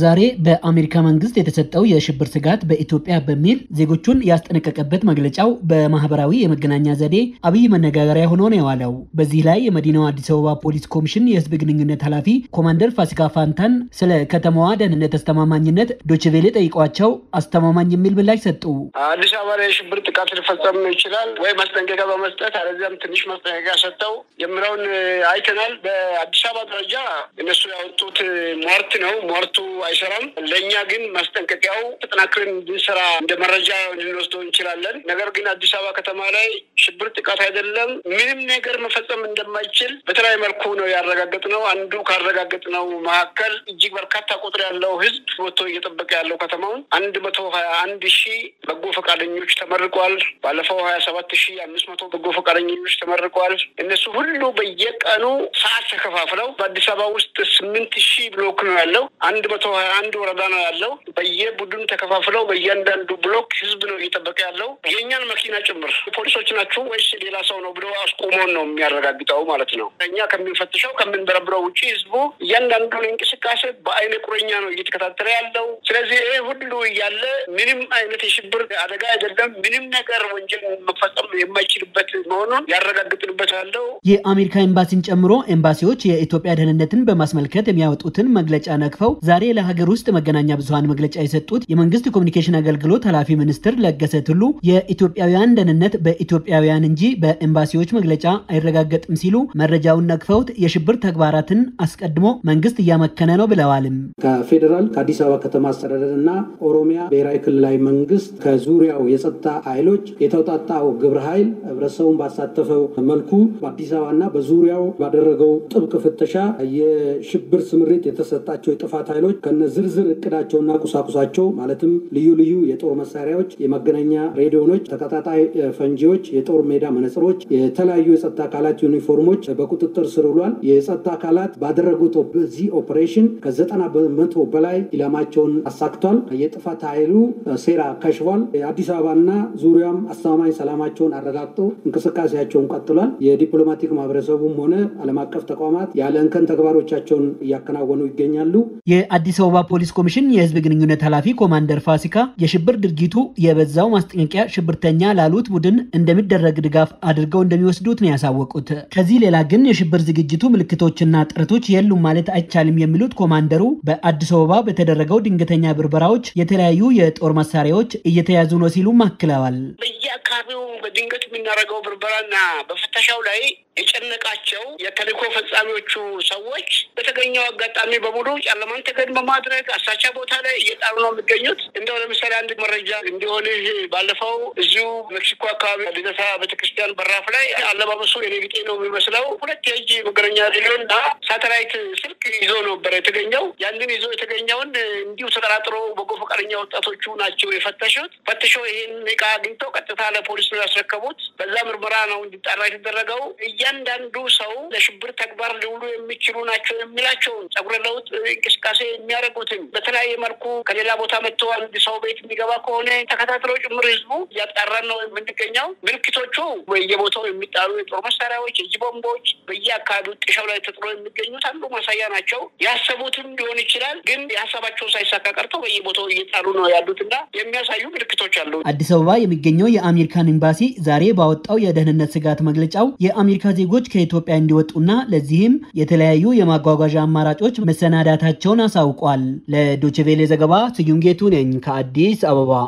ዛሬ በአሜሪካ መንግስት የተሰጠው የሽብር ስጋት በኢትዮጵያ በሚል ዜጎቹን ያስጠነቀቀበት መግለጫው በማህበራዊ የመገናኛ ዘዴ አብይ መነጋገሪያ ሆኖ ነው የዋለው። በዚህ ላይ የመዲናው አዲስ አበባ ፖሊስ ኮሚሽን የህዝብ ግንኙነት ኃላፊ ኮማንደር ፋሲካ ፋንታን ስለ ከተማዋ ደህንነት አስተማማኝነት ዶችቬሌ ጠይቋቸው አስተማማኝ የሚል ምላሽ ሰጡ። አዲስ አበባ ላይ የሽብር ጥቃት ሊፈጸም ይችላል ወይ ማስጠንቀቂያ በመስጠት አለዚያም ትንሽ ማስጠንቀቂያ ሰጥተው የምለውን አይተናል። በአዲስ አበባ ደረጃ እነሱ ያወጡት ሟርት ነው ሟርቱ አይሰራም። ለእኛ ግን ማስጠንቀቂያው ተጠናክረን እንድንሰራ እንደ መረጃ ልንወስደው እንችላለን። ነገር ግን አዲስ አበባ ከተማ ላይ ሽብር ጥቃት አይደለም ምንም ነገር መፈጸም እንደማይችል በተለያዩ መልኩ ነው ያረጋገጥ ነው። አንዱ ካረጋገጥ ነው መካከል እጅግ በርካታ ቁጥር ያለው ህዝብ ወጥቶ እየጠበቀ ያለው ከተማውን አንድ መቶ ሀያ አንድ ሺህ በጎ ፈቃደኞች ተመርቋል። ባለፈው ሀያ ሰባት ሺህ አምስት መቶ በጎ ፈቃደኞች ተመርቋል። እነሱ ሁሉ በየቀኑ ሰዓት ተከፋፍለው በአዲስ አበባ ውስጥ ስምንት ሺህ ብሎክ ነው ያለው አንድ መቶ ሀያ አንድ ወረዳ ነው ያለው። በየቡድኑ ተከፋፍለው በእያንዳንዱ ብሎክ ህዝብ ነው እየጠበቀ ያለው የእኛን መኪና ጭምር ፖሊሶች ናችሁ ወይስ ሌላ ሰው ነው ብሎ አስቆሞን ነው የሚያረጋግጠው ማለት ነው። እኛ ከምንፈትሸው ከምንበረብረው ውጭ ህዝቡ እያንዳንዱን እንቅስቃሴ በአይነ ቁረኛ ነው እየተከታተለ ያለው። ስለዚህ እያለ ምንም አይነት የሽብር አደጋ አይደለም። ምንም ነገር ወንጀል መፈጸም የማይችልበት መሆኑን ያረጋግጥንበት አለው። የአሜሪካ ኤምባሲን ጨምሮ ኤምባሲዎች የኢትዮጵያ ደህንነትን በማስመልከት የሚያወጡትን መግለጫ ነቅፈው ዛሬ ለሀገር ውስጥ መገናኛ ብዙሀን መግለጫ የሰጡት የመንግስት ኮሚኒኬሽን አገልግሎት ኃላፊ ሚኒስትር ለገሰ ቱሉ የኢትዮጵያውያን ደህንነት በኢትዮጵያውያን እንጂ በኤምባሲዎች መግለጫ አይረጋገጥም ሲሉ መረጃውን ነቅፈውት የሽብር ተግባራትን አስቀድሞ መንግስት እያመከነ ነው ብለዋልም። ከፌዴራል ከአዲስ አበባ ከተማ አስተዳደር እና የኦሮሚያ ብሔራዊ ክልላዊ መንግስት ከዙሪያው የጸጥታ ኃይሎች የተውጣጣው ግብረ ኃይል ህብረተሰቡን ባሳተፈው መልኩ በአዲስ አበባና በዙሪያው ባደረገው ጥብቅ ፍተሻ የሽብር ስምሪት የተሰጣቸው የጥፋት ኃይሎች ከነ ዝርዝር እቅዳቸውና ቁሳቁሳቸው ማለትም ልዩ ልዩ የጦር መሳሪያዎች፣ የመገናኛ ሬዲዮኖች፣ ተቀጣጣይ ፈንጂዎች፣ የጦር ሜዳ መነጽሮች፣ የተለያዩ የጸጥታ አካላት ዩኒፎርሞች በቁጥጥር ስር ውሏል። የጸጥታ አካላት ባደረጉት በዚህ ኦፕሬሽን ከዘጠና በመቶ በላይ ኢላማቸውን አሳክቷል። የጥፋት ኃይሉ ሴራ ከሽፏል። አዲስ አበባና ዙሪያም አስተማማኝ ሰላማቸውን አረጋግጠው እንቅስቃሴያቸውን ቀጥሏል። የዲፕሎማቲክ ማህበረሰቡም ሆነ ዓለም አቀፍ ተቋማት ያለ እንከን ተግባሮቻቸውን እያከናወኑ ይገኛሉ። የአዲስ አበባ ፖሊስ ኮሚሽን የህዝብ ግንኙነት ኃላፊ ኮማንደር ፋሲካ የሽብር ድርጊቱ የበዛው ማስጠንቀቂያ ሽብርተኛ ላሉት ቡድን እንደሚደረግ ድጋፍ አድርገው እንደሚወስዱት ነው ያሳወቁት። ከዚህ ሌላ ግን የሽብር ዝግጅቱ ምልክቶችና ጥረቶች የሉም ማለት አይቻልም የሚሉት ኮማንደሩ በአዲስ አበባ በተደረገው ድንገተኛ ብርበራዎች የተ የተለያዩ የጦር መሳሪያዎች እየተያዙ ነው ሲሉም አክለዋል። በየአካባቢው በድንገት የምናደርገው ብርበራና በፍተሻው ላይ የጨነቃቸው የተልእኮ ፈጻሚዎቹ ሰዎች በተገኘው አጋጣሚ በሙሉ ጨለማን ተገን በማድረግ አሳቻ ቦታ ላይ እየጣሩ ነው የሚገኙት። እንደው ለምሳሌ አንድ መረጃ እንዲሆንህ ባለፈው እዚሁ ሜክሲኮ አካባቢ ልደታ ቤተክርስቲያን በራፍ ላይ አለባበሱ የኔ ቢጤ ነው የሚመስለው ሁለት የእጅ መገናኛ ና ሳተላይት ስልክ ይዞ ነበር የተገኘው። ያንን ይዞ የተገኘውን እንዲሁ ተጠራጥሮ በጎ ፈቃደኛ ወጣቶቹ ናቸው የፈተሹት። ፈትሾ ይህን እቃ አግኝተው ቀጥታ ለፖሊስ ነው ያስረከቡት። በዛ ምርመራ ነው እንዲጣራ የተደረገው። እያንዳንዱ ሰው ለሽብር ተግባር ሊውሉ የሚችሉ ናቸው የሚላቸውን ጸጉረ ለውጥ እንቅስቃሴ የሚያደርጉትን በተለያየ መልኩ ከሌላ ቦታ መጥቶ አንድ ሰው ቤት የሚገባ ከሆነ ተከታትለው ጭምር ህዝቡ እያጣራን ነው የምንገኘው። ምልክቶቹ በየቦታው የሚጣሉ የጦር መሳሪያዎች፣ እጅ ቦምቦች በየአካባቢው ጥሻው ላይ ተጥሎ የሚገኙት አንዱ ማሳያ ናቸው። ናቸው። ያሰቡትም ሊሆን ይችላል፣ ግን የሀሳባቸው ሳይሳካ ቀርቶ በየቦታው እየጣሉ ነው ያሉትና የሚያሳዩ ምልክቶች አሉ። አዲስ አበባ የሚገኘው የአሜሪካን ኤምባሲ ዛሬ ባወጣው የደህንነት ስጋት መግለጫው የአሜሪካ ዜጎች ከኢትዮጵያ እንዲወጡና ለዚህም የተለያዩ የማጓጓዣ አማራጮች መሰናዳታቸውን አሳውቋል። ለዶችቬሌ ዘገባ ስዩም ጌቱ ነኝ ከአዲስ አበባ።